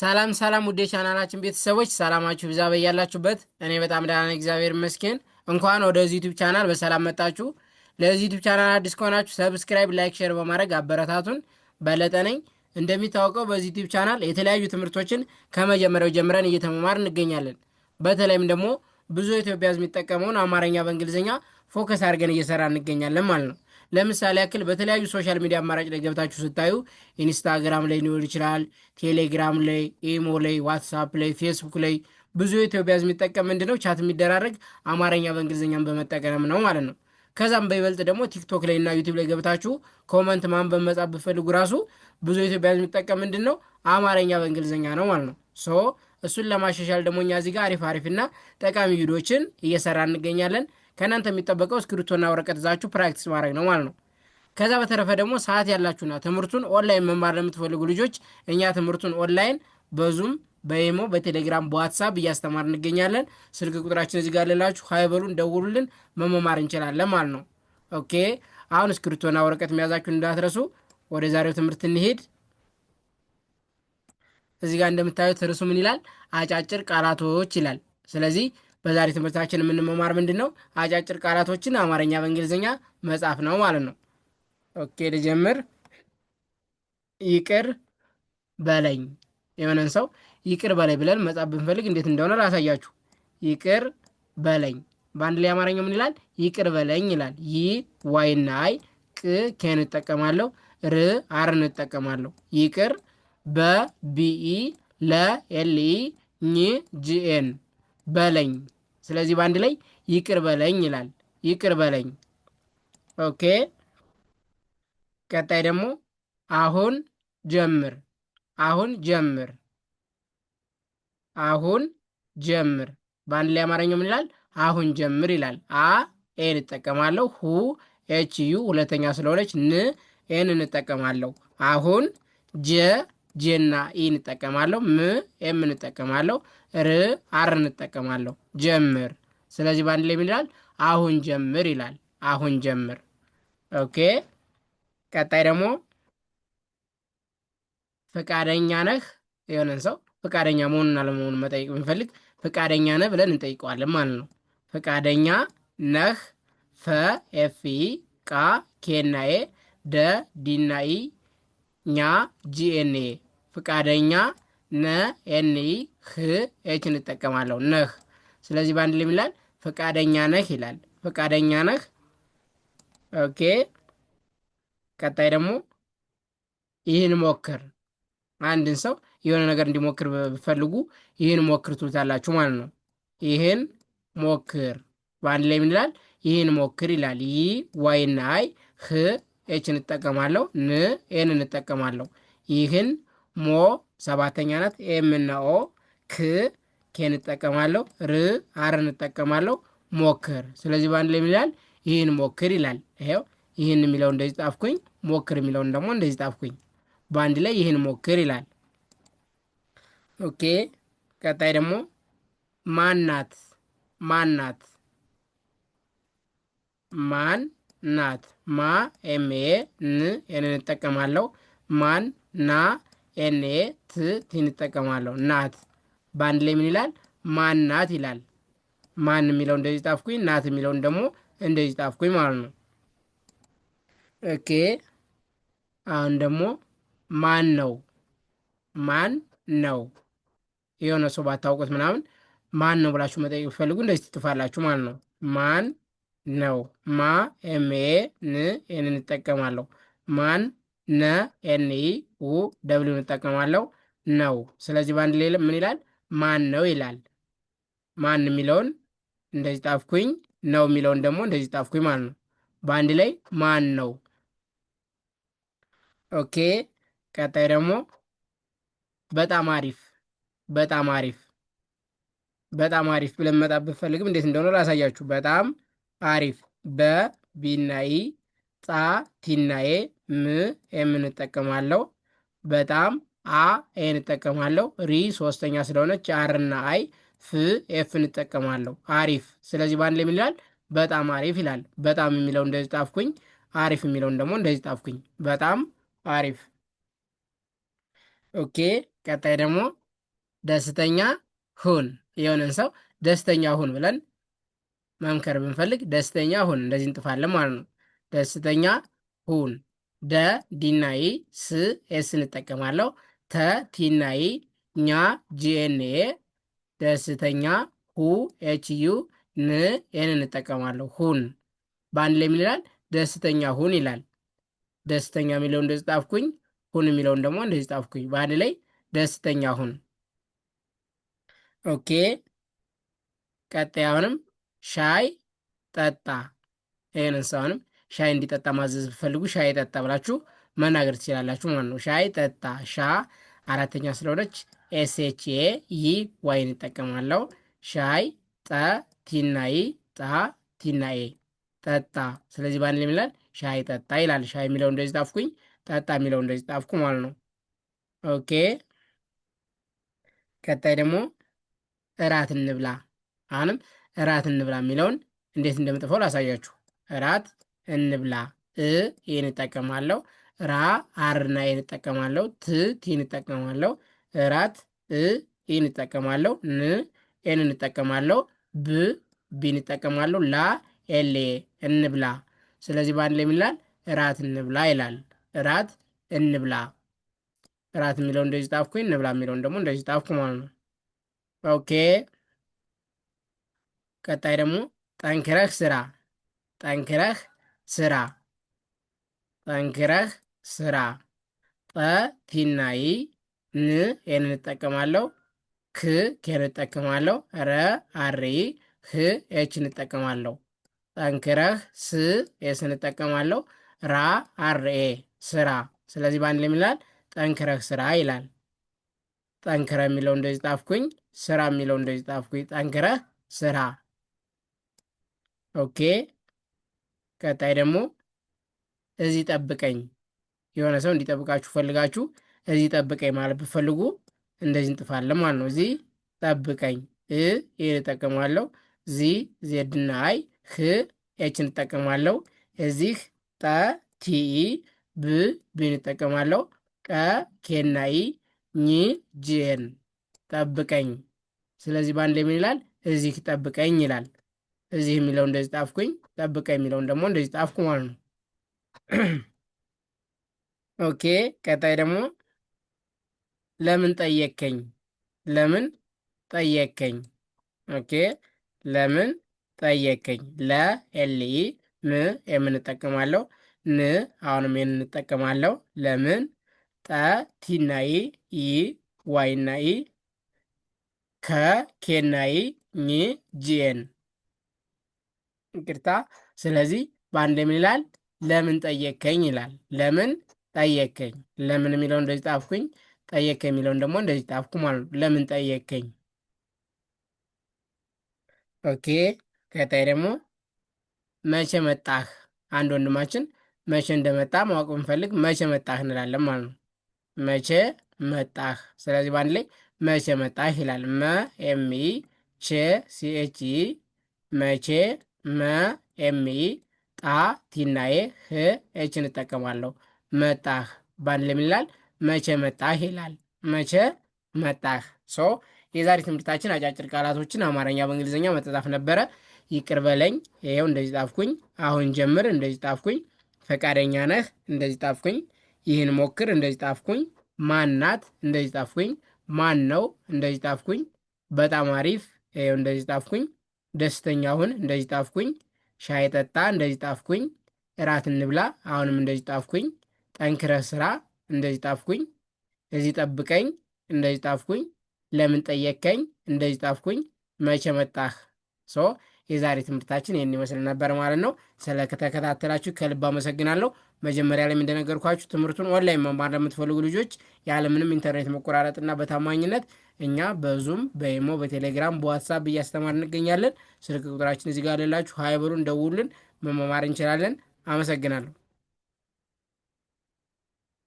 ሰላም ሰላም ውዴ ቻናላችን ቤተሰቦች ሰላማችሁ ብዛ በያላችሁበት። እኔ በጣም ደህና ነኝ፣ እግዚአብሔር ይመስገን። እንኳን ወደዚህ ዩቱብ ቻናል በሰላም መጣችሁ። ለዚህ ዩቱብ ቻናል አዲስ ከሆናችሁ ሰብስክራይብ፣ ላይክ፣ ሼር በማድረግ አበረታቱን። በለጠ እንደሚታወቀው በዚህ ዩቱብ ቻናል የተለያዩ ትምህርቶችን ከመጀመሪያው ጀምረን እየተመማር እንገኛለን። በተለይም ደግሞ ብዙ ኢትዮጵያ ሕዝብ የሚጠቀመውን አማርኛ በእንግሊዝኛ ፎከስ አድርገን እየሰራ እንገኛለን ማለት ነው። ለምሳሌ ያክል በተለያዩ ሶሻል ሚዲያ አማራጭ ላይ ገብታችሁ ስታዩ ኢንስታግራም ላይ ሊሆን ይችላል፣ ቴሌግራም ላይ፣ ኢሞ ላይ፣ ዋትሳፕ ላይ፣ ፌስቡክ ላይ ብዙ የኢትዮጵያ ህዝብ የሚጠቀም ምንድን ነው ቻት የሚደራረግ አማርኛ በእንግሊዝኛም በመጠቀም ነው ማለት ነው። ከዛም በይበልጥ ደግሞ ቲክቶክ ላይ እና ዩቲብ ላይ ገብታችሁ ኮመንት ማንበብ መጻፍ ብፈልጉ ራሱ ብዙ የኢትዮጵያ ህዝብ የሚጠቀም ምንድን ነው አማርኛ በእንግሊዝኛ ነው ማለት ነው። ሶ እሱን ለማሻሻል ደግሞ እኛ እዚህ ጋር አሪፍ አሪፍና ጠቃሚ ቪዲዮዎችን እየሰራ እንገኛለን። ከእናንተ የሚጠበቀው እስክሪቶና ወረቀት ዛችሁ ፕራክቲስ ማድረግ ነው ማለት ነው። ከዛ በተረፈ ደግሞ ሰዓት ያላችሁና ትምህርቱን ኦንላይን መማር ለምትፈልጉ ልጆች እኛ ትምህርቱን ኦንላይን በዙም በኢሞ በቴሌግራም በዋትሳፕ እያስተማር እንገኛለን። ስልክ ቁጥራችን እዚህ ጋር ልላችሁ፣ ሀይበሉን ደውሉልን፣ መመማር እንችላለን ማለት ነው። ኦኬ አሁን እስክሪቶና ወረቀት መያዛችሁን እንዳትረሱ። ወደ ዛሬው ትምህርት እንሄድ። እዚህ ጋር እንደምታዩት ርዕሱ ምን ይላል? አጫጭር ቃላቶች ይላል። ስለዚህ በዛሬ ትምህርታችን የምንመማር ምንድን ነው? አጫጭር ቃላቶችን አማርኛ በእንግሊዝኛ መጻፍ ነው ማለት ነው። ኦኬ ልጀምር። ይቅር በለኝ የሆነን ሰው ይቅር በላይ ብለን መጻፍ ብንፈልግ እንዴት እንደሆነ ላሳያችሁ። ይቅር በለኝ በአንድ ላይ አማርኛው ምን ይላል? ይቅር በለኝ ይላል። ይ ዋይና አይ ቅ ኬ እንጠቀማለሁ ር አር እንጠቀማለሁ። ይቅር በቢኢ ለኤልኢ ኝ ጂኤን በለኝ። ስለዚህ በአንድ ላይ ይቅር በለኝ ይላል። ይቅር በለኝ። ኦኬ። ቀጣይ ደግሞ አሁን ጀምር፣ አሁን ጀምር፣ አሁን ጀምር። በአንድ ላይ አማርኛው ምን ይላል? አሁን ጀምር ይላል። አ ኤን እጠቀማለሁ። ሁ ኤች ዩ ሁለተኛ ስለሆነች ን ኤን እንጠቀማለሁ። አሁን ጀ ጄና ኢ እንጠቀማለሁ። ም ኤም እንጠቀማለሁ። ር አር እንጠቀማለሁ። ጀምር። ስለዚህ በአንድ ላይ ምን ይላል? አሁን ጀምር ይላል። አሁን ጀምር። ኦኬ። ቀጣይ ደግሞ ፈቃደኛ ነህ። የሆነን ሰው ፈቃደኛ መሆኑን አለመሆኑን መጠየቅ የሚፈልግ ፈቃደኛ ነህ ብለን እንጠይቀዋለን ማለት ነው። ፈቃደኛ ነህ። ፈ ኤፍ ቃ ኬና ኤ ደ ዲና ኢ ኛ ጂኤንኤ ፍቃደኛ ነ ኤን ኢ ህ ኤች እንጠቀማለሁ ነህ። ስለዚህ በአንድ ላይ ይላል ፍቃደኛ ነህ ይላል። ፍቃደኛ ነህ። ኦኬ። ቀጣይ ደግሞ ይህን ሞክር። አንድን ሰው የሆነ ነገር እንዲሞክር ብፈልጉ ይህን ሞክር ትሉታላችሁ ማለት ነው። ይህን ሞክር በአንድ ላይ ምን ይላል? ይህን ሞክር ይላል። ይ ዋይና አይ ህ ኤች እንጠቀማለሁ። ን ኤን እንጠቀማለሁ። ይህን ሞ ሰባተኛ ናት። ኤም እና ኦ ክ ኬ እንጠቀማለሁ። ር አር እንጠቀማለሁ። ሞክር። ስለዚህ በአንድ ላይ ይላል ይህን ሞክር ይላል። ይኸው ይህን የሚለው እንደዚህ ጣፍኩኝ፣ ሞክር የሚለውን ደግሞ እንደዚህ ጣፍኩኝ። በአንድ ላይ ይህን ሞክር ይላል። ኦኬ። ቀጣይ ደግሞ ማናት ማናት ማን ናት ማ ኤም ኤ ን ን እንጠቀማለሁ። ማን ና ኤንኤ ት ቲን እጠቀማለሁ። ናት በአንድ ላይ ምን ይላል? ማን ናት ይላል። ማን የሚለው እንደዚህ ጣፍኩኝ፣ ናት የሚለውን ደግሞ እንደዚህ ጣፍኩኝ ማለት ነው። ኦኬ አሁን ደግሞ ማን ነው ማን ነው የሆነ ሰው ባታውቁት ምናምን ማን ነው ብላችሁ መጠየቅ ፈልጉ እንደዚህ ትጥፋላችሁ ማለት ነው። ማን ነው ማ ኤምኤ ን ኤን እንጠቀማለሁ። ማን ነ ኤንኢ ኡ ደብሊው እንጠቀማለው ነው። ስለዚህ በአንድ ላይ ምን ይላል? ማን ነው ይላል። ማን የሚለውን እንደዚህ ጣፍኩኝ፣ ነው የሚለውን ደግሞ እንደዚህ ጣፍኩኝ ማለት ነው። በአንድ ላይ ማን ነው። ኦኬ። ቀጣይ ደግሞ በጣም አሪፍ በጣም አሪፍ በጣም አሪፍ ብለን መጣ ብፈልግም እንዴት እንደሆነ ላሳያችሁ። በጣም አሪፍ በቢናይ ጻ ቲናዬ ም የምንጠቀማለው በጣም አ ኤ እንጠቀማለሁ ሪ ሶስተኛ ስለሆነች አርና አይ ፍ ኤፍ እንጠቀማለሁ። አሪፍ። ስለዚህ በአንድ ላይ የሚላል በጣም አሪፍ ይላል። በጣም የሚለው እንደዚህ ጣፍኩኝ፣ አሪፍ የሚለውን ደግሞ እንደዚህ ጣፍኩኝ። በጣም አሪፍ። ኦኬ። ቀጣይ ደግሞ ደስተኛ ሁን። የሆነን ሰው ደስተኛ ሁን ብለን መምከር ብንፈልግ ደስተኛ ሁን እንደዚህ እንጥፋለን ማለት ነው። ደስተኛ ሁን ደ ዲናይ ስ ኤስ እንጠቀማለሁ። ተ ቲናይ ኛ ጂኤንኤ ደስተኛ ሁ ኤች ዩ ን ኤን እንጠቀማለሁ። ሁን በአንድ ላይ ይላል? ደስተኛ ሁን ይላል። ደስተኛ ሚለው እንደዚህ ጣፍኩኝ። ሁን የሚለውን ደግሞ እንደዚህ ጣፍኩኝ። በአንድ ላይ ደስተኛ ሁን። ኦኬ። ቀጣይ አሁንም ሻይ ጠጣ። ይህን እንሰውንም ሻይ እንዲጠጣ ማዘዝ ብፈልጉ ሻይ ጠጣ ብላችሁ መናገር ትችላላችሁ ማለት ነው። ሻይ ጠጣ፣ ሻ አራተኛ ስለሆነች ኤስኤችኤ ይ ዋይን ይጠቀማለው። ሻይ ጠ ቲናይ ጣ ቲናኤ ጠጣ። ስለዚህ በአንድ የሚለን ሻይ ጠጣ ይላል። ሻይ የሚለው እንደዚህ ጣፍኩኝ፣ ጠጣ የሚለው እንደዚህ ጣፍኩ ማለት ነው። ኦኬ ቀጣይ ደግሞ እራት እንብላ። አሁንም እራት እንብላ የሚለውን እንዴት እንደምጥፈው ላሳያችሁ። እራት እንብላ እ ይህን እጠቀማለሁ። ራ አርና ይህን እጠቀማለሁ። ት ቲን እጠቀማለሁ። ራት እ ይህን እጠቀማለሁ። ን ኤን እንጠቀማለሁ። ብ ቢን እጠቀማለሁ። ላ ኤሌ እንብላ። ስለዚህ በአንድ ላይ የሚላል ራት እንብላ ይላል። ራት እንብላ። ራት የሚለው እንደዚህ ጣፍኩ፣ እንብላ የሚለውን ደግሞ እንደዚህ ጣፍኩ ማለት ነው። ኦኬ። ቀጣይ ደግሞ ጠንክረህ ስራ ጠንክረህ ስራ ጠንክረህ ስራ። ጠ ቲናይ ን ኤን እንጠቀማለሁ። ክ ኬን እንጠቀማለሁ። ረ አሪ ህ ኤች እንጠቀማለሁ። ጠንክረህ ስ ኤስ እንጠቀማለሁ። ራ አርኤ ስራ። ስለዚህ በአንድ ላይ ይላል ጠንክረህ ስራ ይላል። ጠንክረ የሚለው እንደዚህ ጣፍኩኝ። ስራ የሚለው እንደዚህ ጣፍኩኝ። ጠንክረህ ስራ ኦኬ ቀጣይ ደግሞ እዚህ ጠብቀኝ፣ የሆነ ሰው እንዲጠብቃችሁ ፈልጋችሁ እዚህ ጠብቀኝ ማለት ብፈልጉ እንደዚህ እንጥፋለን ማለት ነው። እዚህ ጠብቀኝ እ ይህ እጠቀማለሁ። ዚ ዜድና አይ ህ ኤችን እጠቀማለሁ። እዚህ ጠ ቲኢ ብ ብን እጠቀማለሁ። ቀ ኬና ኢ ኝ ጅን ጠብቀኝ። ስለዚህ በአንድ ላይ ምን ይላል? እዚህ ጠብቀኝ ይላል። እዚህ የሚለው እንደዚህ ጣፍኩኝ፣ ጠብቀ የሚለውን ደግሞ እንደዚህ ጣፍኩ ማለት ነው። ኦኬ። ቀጣይ ደግሞ ለምን ጠየከኝ፣ ለምን ጠየከኝ። ኦኬ። ለምን ጠየከኝ። ለ ም የምንጠቀማለው ን አሁንም የን እንጠቀማለው? ለምን ጠ ቲና ኢ ኬና ከኬናይ ኝ ጂኤን ይቅርታ። ስለዚህ በአንድ ምን ይላል? ለምን ጠየከኝ ይላል። ለምን ጠየከኝ። ለምን የሚለው እንደዚህ ጣፍኩኝ። ጠየከ የሚለውን ደግሞ እንደዚህ ጣፍኩ ማለት ነው። ለምን ጠየከኝ። ኦኬ። ቀጣይ ደግሞ መቼ መጣህ። አንድ ወንድማችን መቼ እንደመጣ ማወቅ ብንፈልግ መቼ መጣህ እንላለን ማለት ነው። መቼ መጣህ። ስለዚህ በአንድ ላይ መቼ መጣህ ይላል። መ ኤም ኢ ቼ ሲ ኤች ኢ መቼ መ ኤምኢ ጣ ቲናዬ ህ ኤች እንጠቀማለሁ። መጣህ ባንል የሚላል መቼ መጣህ ይላል። መቼ መጣህ። ሶ የዛሬ ትምህርታችን አጫጭር ቃላቶችን አማርኛ በእንግሊዝኛ መጠጣፍ ነበረ። ይቅር በለኝ፣ ይኸው እንደዚህ ጣፍኩኝ፣ አሁን ጀምር፣ እንደዚህ ጣፍኩኝ፣ ፈቃደኛ ነህ፣ እንደዚህ ጣፍኩኝ፣ ይህን ሞክር፣ እንደዚህ ጣፍኩኝ፣ ማናት፣ እንደዚህ ጣፍኩኝ፣ ማን ነው፣ እንደዚህ ጣፍኩኝ፣ በጣም አሪፍ፣ ይኸው እንደዚህ ጣፍኩኝ ደስተኛ ሁን፣ እንደዚህ ጣፍኩኝ፣ ሻይ ጠጣ፣ እንደዚህ ጣፍኩኝ፣ እራት እንብላ፣ አሁንም እንደዚህ ጣፍኩኝ፣ ጠንክረ ስራ፣ እንደዚህ ጣፍኩኝ፣ እዚህ ጠብቀኝ፣ እንደዚህ ጣፍኩኝ፣ ለምን ጠየከኝ እንደዚህ ጣፍኩኝ፣ መቼ መጣህ ሶ የዛሬ ትምህርታችን ይህን ይመስል ነበር ማለት ነው። ስለተከታተላችሁ ከልብ አመሰግናለሁ። መጀመሪያ ላይ እንደነገርኳችሁ ትምህርቱን ኦንላይን መማር ለምትፈልጉ ልጆች ያለምንም ኢንተርኔት መቆራረጥና በታማኝነት እኛ በዙም በኢሞ በቴሌግራም በዋትሳፕ እያስተማር እንገኛለን። ስልክ ቁጥራችን እዚጋ አለላችሁ። ሀይበሉን ደውሉን መማማር እንችላለን። አመሰግናለሁ።